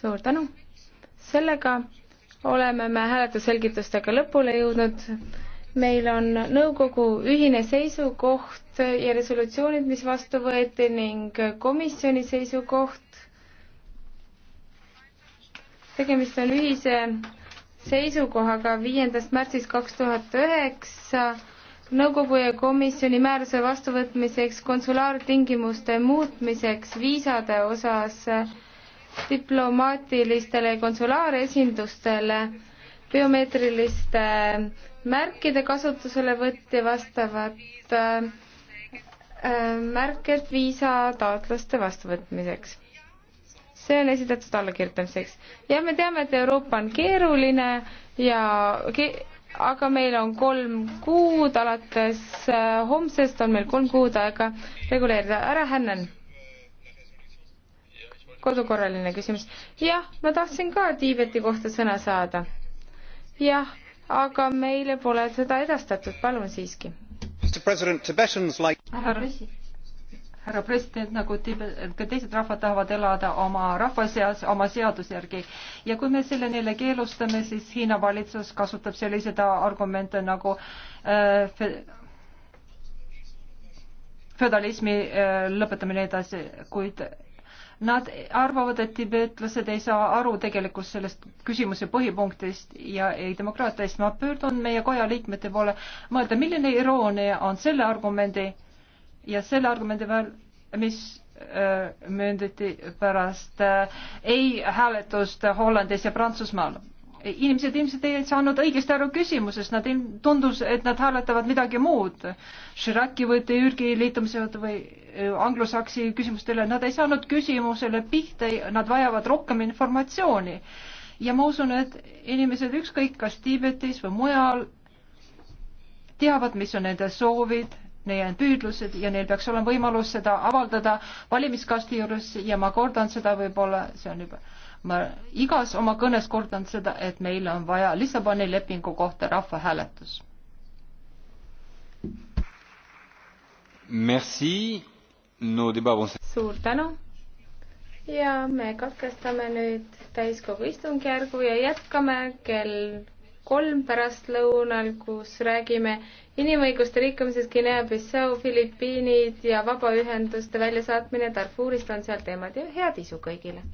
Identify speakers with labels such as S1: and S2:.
S1: suur tänu. sellega oleme me hääletusselgitustega lõpule jõudnud. meil on nõukogu ühine seisukoht ja resolutsioonid, mis vastu võeti ning komisjoni seisukoht. tegemist on ühise seisukohaga viiendast märtsist kaks tuhat üheksa nõukogu ja komisjoni määruse vastuvõtmiseks konsulaartingimuste muutmiseks viisade osas diplomaatilistele ja konsulaaresindustele biomeetriliste märkide kasutuselevõtt ja vastavad äh, märked viisataotluste vastuvõtmiseks. see on esitatud allakirjutamiseks. jah, me teame, et Euroopa on keeruline ja ke aga meil on kolm kuud, alates äh, homsest on meil kolm kuud aega reguleerida. ära, Hännen kodukorraline küsimus. jah, ma tahtsin ka Tiibeti kohta sõna saada. jah, aga meile pole seda edastatud, palun siiski. härra president,
S2: härra president, nagu ka teised rahvad tahavad elada oma rahva seas, oma seaduse järgi. ja kui me selle neile keelustame, siis Hiina valitsus kasutab selliseid argumente nagu äh, föodalismi äh, lõpetamine edasi, kuid Nad arvavad, et tibetlased ei saa aru tegelikult sellest küsimuse põhipunktist ja ei demokraatiast. ma pöördun meie koja liikmete poole mõelda, milline iroonia on selle argumendi ja selle argumendi vahel, mis äh, mööndati pärast äh, ei hääletust Hollandis ja Prantsusmaal inimesed ilmselt ei saanud õigesti aru küsimusest, nad ilm-, tundus, et nad hääletavad midagi muud. Chirac'i või Türgi liitumise või anglosaksi küsimustele, nad ei saanud küsimusele pihta, nad vajavad rohkem informatsiooni. ja ma usun, et inimesed ükskõik kas Tiibetis või mujal teavad, mis on nende soovid, neie püüdlused ja neil peaks olema võimalus seda avaldada valimiskasti juures ja ma kordan seda võib-olla, see on juba ma igas oma kõnes kordan seda, et meil on vaja Lissaboni lepingu kohta rahvahääletus.
S1: Merci, no debat.
S2: suur tänu ja
S1: me katkestame nüüd täiskogu istungjärgu ja jätkame kell kolm pärastlõunal, kus räägime inimõiguste rikkumisest Guinea-Bissau, Filipiinid ja vabaühenduste väljasaatmine Darfurist on seal teemad ja head isu kõigile!